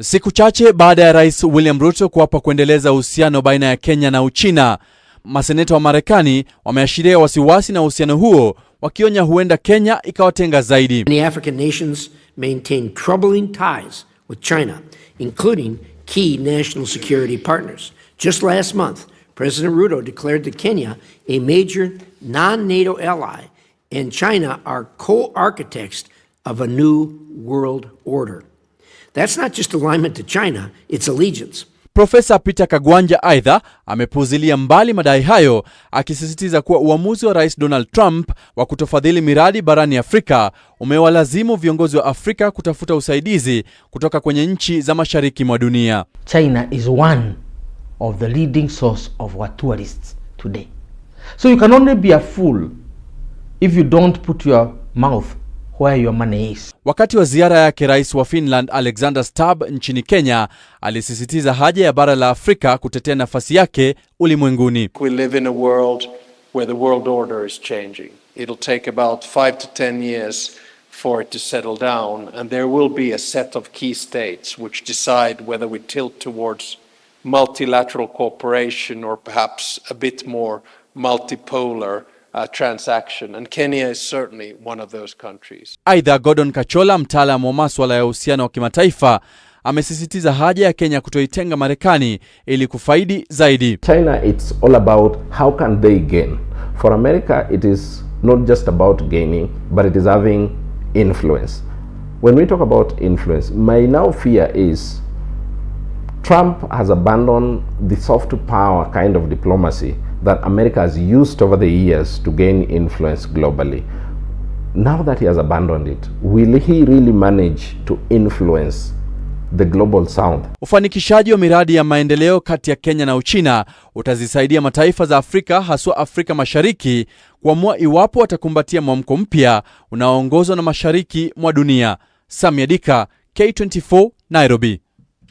siku chache baada ya Rais William Ruto kuapa kuendeleza uhusiano baina ya Kenya na Uchina. Maseneta wa Marekani wameashiria wasiwasi na uhusiano huo, wakionya huenda Kenya ikawatenga zaidi. The African nations maintain troubling ties with China, including key national security partners. Just last month, President Ruto declared that Kenya, a major non-NATO ally, and China are co-architects of a new world order. That's not just alignment to China, it's allegiance. Profesa Peter Kagwanja aidha amepuzilia mbali madai hayo akisisitiza kuwa uamuzi wa Rais Donald Trump wa kutofadhili miradi barani Afrika umewalazimu viongozi wa Afrika kutafuta usaidizi kutoka kwenye nchi za mashariki mwa dunia. China is one of the leading source of our tourists today. So you can only be a fool if you don't put your mouth where your money is. Wakati wa ziara yake, rais wa Finland Alexander Stubb nchini Kenya alisisitiza haja ya bara la Afrika kutetea nafasi yake ulimwenguni. We live in a world where the world order is changing. It'll take about 5 to 10 years for it to settle down and there will be a set of key states which decide whether we tilt towards multilateral cooperation or perhaps a bit more multipolar Uh, transaction. And Kenya is certainly one of those countries. Aidha, Gordon Kachola mtaalamu wa maswala ya uhusiano wa kimataifa amesisitiza haja ya Kenya kutoitenga Marekani ili kufaidi zaidi. China it's all about how can they gain. For America it is not just about gaining but it is having influence. When we talk about influence, my now fear is Trump has abandoned the soft power kind of diplomacy that America has used over the years to gain influence globally. Now that he has abandoned it, will he really manage to influence the global south? Ufanikishaji wa miradi ya maendeleo kati ya Kenya na Uchina utazisaidia mataifa za Afrika haswa Afrika Mashariki kuamua iwapo watakumbatia mwamko mpya unaoongozwa na mashariki mwa dunia. Samia Dika, K24, Nairobi.